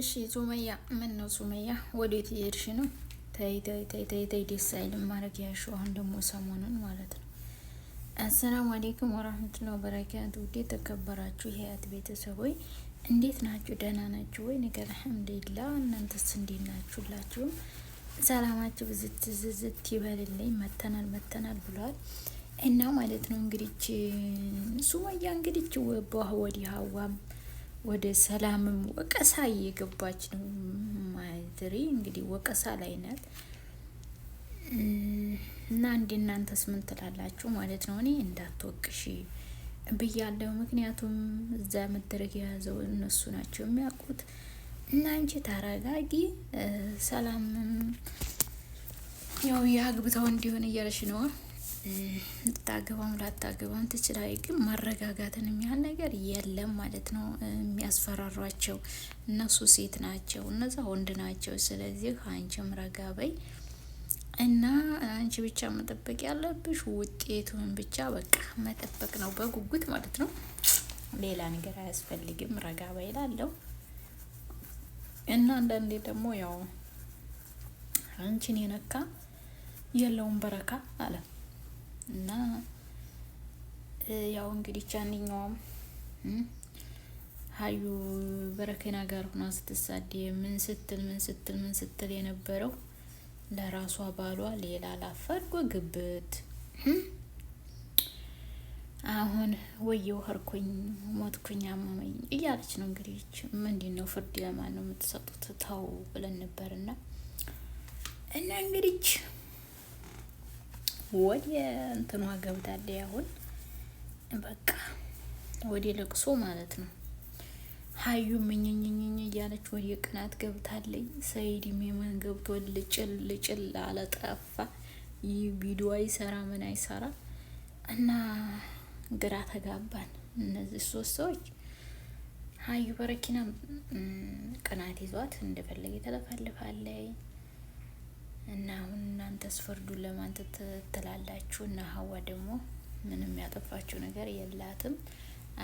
እሺ ሱመያ፣ ምን ነው ሱመያ፣ ወዴት እየሄድሽ ነው? ተይ ተይ ተይ ተይ ተይ፣ ደስ አይልም ማድረግ ያሹ። አሁን ደግሞ ሰሞኑን ማለት ነው። አሰላሙ አሌይኩም ወራህመቱላሂ ወበረካቱ። ውዴ ተከበራችሁ የሀያት ቤተሰቦች እንዴት ናችሁ? ደህና ናችሁ ወይ? ነገር አልሐምዱሊላህ። እናንተስ እንዴት ናችሁላችሁም? ሰላማችሁ ብዝት ዝዝት ይበልልኝ። መተናል መተናል ብሏል እና ማለት ነው እንግዲህ ሱመያ እንግዲህ ወባህ ወዲህ ሀዋም ወደ ሰላምም ወቀሳ እየገባች ነው ማድሪ እንግዲህ ወቀሳ ላይ ናት። እና እንደ እናንተስ ምን ትላላችሁ ማለት ነው? እኔ እንዳትወቅሽ ብያለሁ። ምክንያቱም እዛ መደረግ የያዘው እነሱ ናቸው የሚያውቁት። እና አንቺ ታረጋጊ፣ ሰላም ያው የአግብተው እንዲሆን እያለሽ ነው ልታገባም ላታገባም ትችላለች። ግን ማረጋጋትን የሚያህል ነገር የለም ማለት ነው። የሚያስፈራሯቸው እነሱ ሴት ናቸው፣ እነዛ ወንድ ናቸው። ስለዚህ አንቺም ረጋ በይ እና አንቺ ብቻ መጠበቅ ያለብሽ ውጤቱን ብቻ በቃ መጠበቅ ነው፣ በጉጉት ማለት ነው። ሌላ ነገር አያስፈልግም። ረጋ በይ እላለሁ እና አንዳንዴ ደግሞ ያው አንቺን የነካ የለውም በረካ አለ እና ያው እንግዲህ ቻንኛውም ሀዩ በረከና ጋር ሁና ስትሳድ ምን ስትል ምን ስትል ምን ስትል የነበረው ለራሷ ባሏ ሌላ ላፈርጎ ግብት አሁን ወየው ኸርኩኝ ሞትኩኝ አመመኝ እያለች ነው እንግዲህ። ምንድን ነው ፍርድ ለማን ነው የምትሰጡት? ተው ብለን ነበርና እና እንግዲህ ወደ እንትኗ ገብታለች። አሁን በቃ ወደ ለቅሶ ማለት ነው። ሀዩ ምኝኝኝኝ እያለች ወደ ቅናት ገብታለኝ። ሰይድም የመን ገብቶ ልጭል ልጭል አለጠፋ ይህ ቪዲዮ አይሰራ ምን አይሰራ እና ግራ ተጋባን። እነዚህ ሶስት ሰዎች ሀዩ በረኪና ቅናት ይዟት እንደፈለገ ተለፈልፋለች። እና አሁን እናንተስ ፍርዱን ለማን ትላላችሁ? እና ሀዋ ደግሞ ምንም ያጠፋችው ነገር የላትም።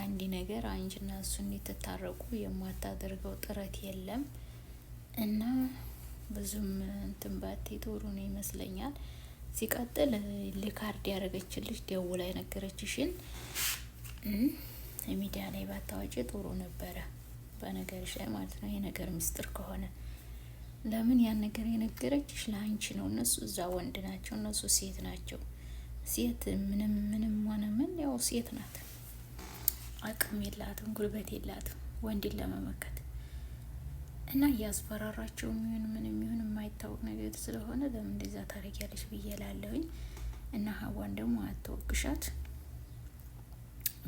አንድ ነገር አንቺና እሱ እንድትታረቁ የማታደርገው ጥረት የለም እና ብዙም እንትን ባቴ ጥሩ ነው ይመስለኛል። ሲቀጥል ሊካርድ ያደረገችልሽ ደውላ የነገረችሽን ሚዲያ ላይ ባታዋጭ ጥሩ ነበረ፣ በነገርሽ ላይ ማለት ነው ነገር ምስጢር ከሆነ ለምን ያን ነገር የነገረችሽ ለአንቺ ነው። እነሱ እዛ ወንድ ናቸው፣ እነሱ ሴት ናቸው። ሴት ምንም ምንም ሆነ ምን ያው ሴት ናት። አቅም የላትም፣ ጉልበት የላትም ወንድን ለመመከት እና እያስፈራራቸው የሚሆን ምን የሚሆን የማይታወቅ ነገር ስለሆነ ለምን እንደዛ ታደርጊያለሽ ብዬ እላለሁኝ። እና ሀዋን ደግሞ አትወቅሻት።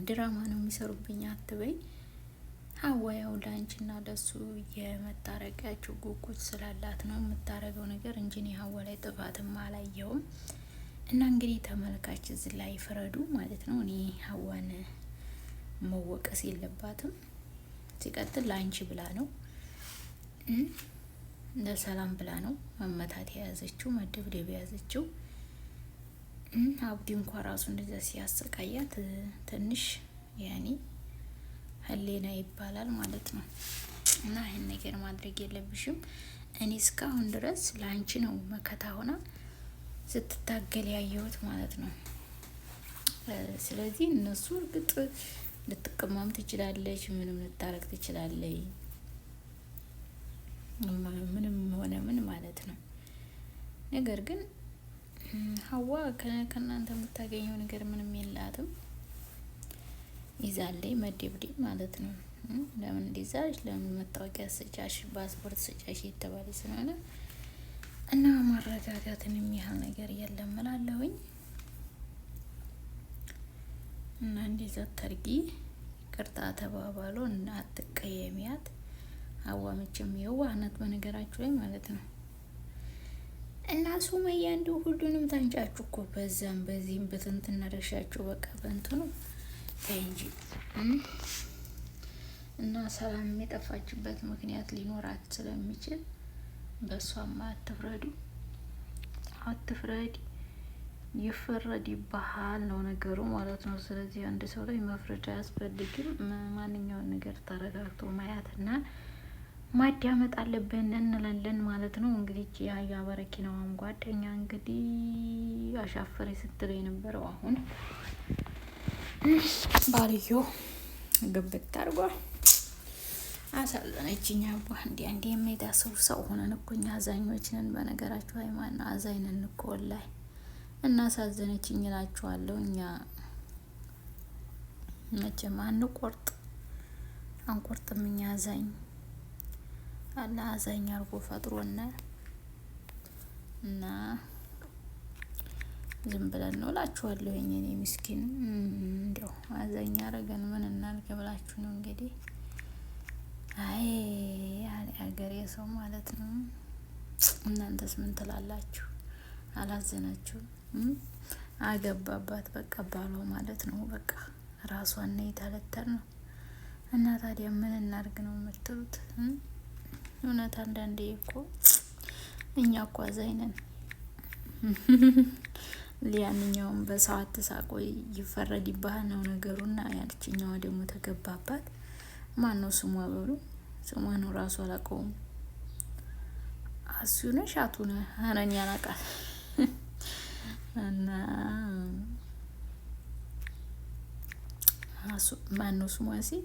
ድራማ ነው የሚሰሩብኝ አትበይ። ሀዋ ያው እና ለሱ የመታረቂያቸው ጉጉት ስላላት ነው የምታረገው ነገር እንጂ እኔ ሀዋ ላይ ጥፋትም አላየውም። እና እንግዲህ ተመልካች እዚህ ላይ ፍረዱ ማለት ነው። እኔ ሀዋን መወቀስ የለባትም። ሲቀጥል ለአንቺ ብላ ነው ለሰላም ብላ ነው መመታት የያዘችው መደብደብ የያዘችው። አብዲ እንኳ ራሱ እንደዚያ ሲያሰቃያት ትንሽ ያኔ ህሌና ይባላል ማለት ነው። እና ይህን ነገር ማድረግ የለብሽም። እኔ እስካሁን ድረስ ለአንቺ ነው መከታ ሆና ስትታገል ያየሁት ማለት ነው። ስለዚህ እነሱ እርግጥ ልትቀማም ትችላለች፣ ምንም ልታረግ ትችላለች፣ ምንም ሆነ ምን ማለት ነው። ነገር ግን ሀዋ ከእናንተ የምታገኘው ነገር ምንም የላትም። ይዛለይ መደብደብ ማለት ነው። ለምን እንዲዛሽ ለምን መታወቂያ ስጫሽ ፓስፖርት ስጫሽ የተባለ ስለሆነ እና ማረጋጋትን የሚያህል ነገር የለም እላለሁኝ። እና እንዲዛት ተርጊ ቅርጣ ተባባሎ እና አትቀየሚያት። አዋምችም የዋህነት በነገራችሁ ላይ ማለት ነው። እና ሱመያ እንዲሁ ሁሉንም ታንጫችሁ እኮ በዛም በዚህም በትንትና ረሻችሁ በቃ በንቱ ነው። ተይ እንጂ እና ሰላም የጠፋችበት ምክንያት ሊኖራት ስለሚችል በእሷም አትፍረዱ፣ አትፍረድ ይፈረድ ይፈረድብሃል ነው ነገሩ ማለት ነው። ስለዚህ አንድ ሰው ላይ መፍረድ አያስፈልግም። ማንኛውን ነገር ተረጋግቶ ማያትና ማዳመጥ አለብን እንላለን ማለት ነው። እንግዲህ የሀያ በረኪናዋም ጓደኛ እንግዲህ አሻፈሬ ስትለው የነበረው አሁን ባልዮ ግብት አድርጓ አሳዘነችኝ። አባ እንዲ እንዲ የሚዳስሩ ሰው ሆነን እኮ እኛ አዛኞች ነን። በነገራችሁ ሃይማኖት አዛኝ ነን እኮ ወላሂ። እናሳዘነችኝ እላችኋለሁ። እኛ መቼም አንቆርጥ አንቆርጥም። እኛ አዛኝ አላ አዛኝ አድርጎ ፈጥሮናል እና ዝም ብለን ነው እላችኋለሁ። የኔ ምስኪን እንዲያው አዘኛ አረገን ምን እናድርግ ብላችሁ ነው እንግዲህ። አይ አገሬ ሰው ማለት ነው። እናንተስ ምን ትላላችሁ? አላዘናችሁ? አገባባት በቃ ባሏ ማለት ነው። በቃ ራሷን ነው የተለተር ነው እና ታዲያ ምን እናድርግ ነው የምትሉት? እውነት አንዳንዴ እኮ እኛ እኮ አዛኝ ነን። ያንኛውም በሰዓት ተሳቆ ይፈረድብሃል ነው ነገሩና ያልችኛዋ ደግሞ ተገባባት። ማን ነው ስሟ? በሉ ስሟን ራሱ አላውቀውም። አሱነ ሻቱነ ሀነኛ ናቃል እና ማን ነው ስሟ? ሲ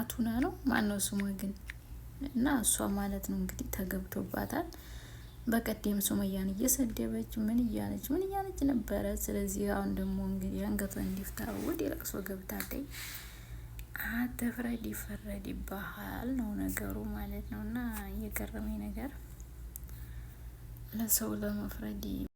አቱና ነው ማን ነው ስሟ ግን እና እሷ ማለት ነው እንግዲህ ተገብቶባታል። በቀደም ሱመያን እየሰደበች ምን እያለች ምን እያለች ነበረ። ስለዚህ አሁን ደግሞ እንግዲህ አንገቷ እንዲፍታ ወደ ለቅሶ ገብታለች። አትፍረድ ይፈረድ ይባሃል ነው ነገሩ ማለት ነው። እና የገረመኝ ነገር ለሰው ለመፍረድ